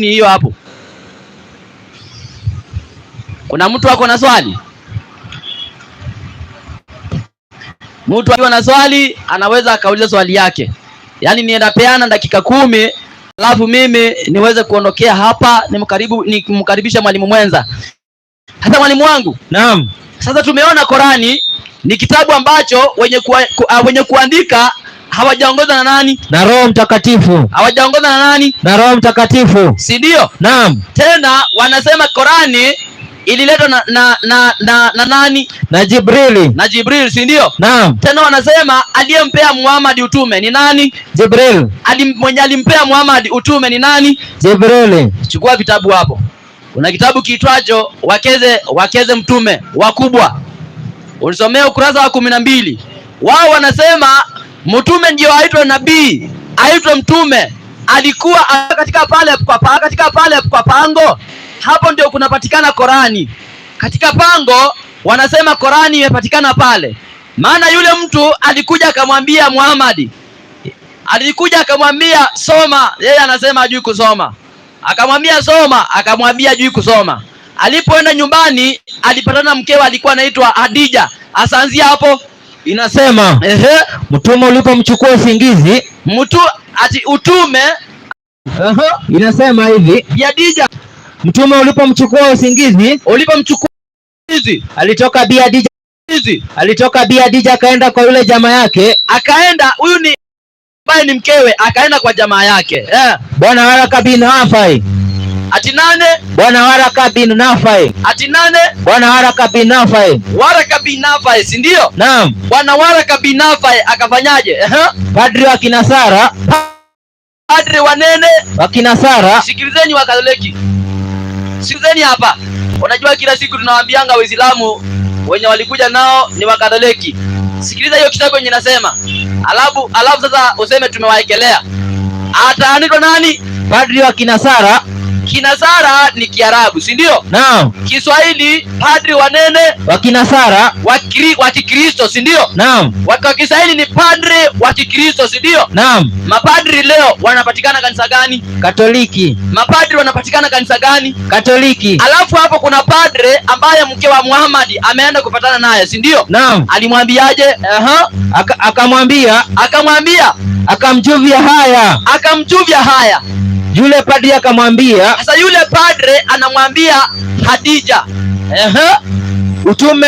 ni hiyo hapo. Kuna mtu ako na swali? Mtu akiwa na swali anaweza akauliza swali yake, yaani peana dakika kumi alafu mimi niweze kuondokea hapa, nimkaribu nikimkaribisha mwalimu mwenza. Hata mwalimu wangu, naam. Sasa tumeona Korani ni kitabu ambacho wenye, kuwa, ku, uh, wenye kuandika hawajaongozwa na nani? Na Roho Mtakatifu. Hawajaongozwa na nani? Na Roho Mtakatifu, si ndio? Naam. Tena wanasema Korani ililetwa na na, na na na nani? Na Jibrili. Na Jibrili, si ndio? Naam. Tena wanasema aliyempea Muhammad utume ni nani? Jibril. Ali, mwenye alimpea Muhammad utume ni nani? Jibril. Chukua vitabu hapo. Kuna kitabu kiitwacho Wakeze Wakeze Mtume Wakubwa, ulisomea ukurasa wa kumi na mbili. Wao wanasema Mtume ndio aitwa nabii, aitwa mtume, alikuwa katika pale kwa pa, katika pale kwa pango. Hapo ndio kunapatikana Korani, katika pango wanasema Korani imepatikana pale, maana yule mtu alikuja akamwambia Muhammad, alikuja akamwambia soma, yeye anasema ajui kusoma, akamwambia soma, akamwambia ajui kusoma. Alipoenda nyumbani alipatana mkewe, alikuwa anaitwa Hadija. Asaanzia hapo inasema ehe, mtume ulipomchukua usingizi mtu ati utume ehe, inasema hivi Biadija, mtume ulipomchukua usingizi, ulipomchukua usingizi alitoka Biadija, alitoka Biadija akaenda kwa yule jamaa yake, akaenda huyu ni ambaye ni mkewe, akaenda kwa jamaa yake eh, bwana wala kabina hafai ati nane Bwana Waraka bin Nafai, ati nane Bwana Waraka bin Nafai, Waraka bin Nafai, si Naam, Bwana Waraka bin Nafai akafanyaje? Padri wa Kinasara, padri wanene wa Kinasara. Sikilizeni Wakatoliki, sikilizeni hapa. Unajua, kila siku tunawaambianga Waislamu wenye walikuja nao ni Wakatoliki. Sikiliza hiyo kitabu yenye nasema, alafu alafu sasa useme tumewaekelea. ataanitwa nani? Padri wa Kinasara Kinasara ni Kiarabu, si ndio? Naam. Kiswahili padri wanene wa Kinasara wa Kikristo, si ndio? Naam. Wa Kiswahili ni padri wa Kikristo, si ndio? Naam. Mapadri leo wanapatikana kanisa gani? Katoliki. Mapadri wanapatikana kanisa gani? Katoliki. Alafu hapo kuna padre ambaye mke wa Muhammad ameenda kupatana naye, si ndio? Naam. Alimwambiaje? Aha. Akamwambia, akamwambia, akamjuvia haya, akamjuvia haya yule padri akamwambia, sasa yule padre anamwambia Hadija, ehe, utume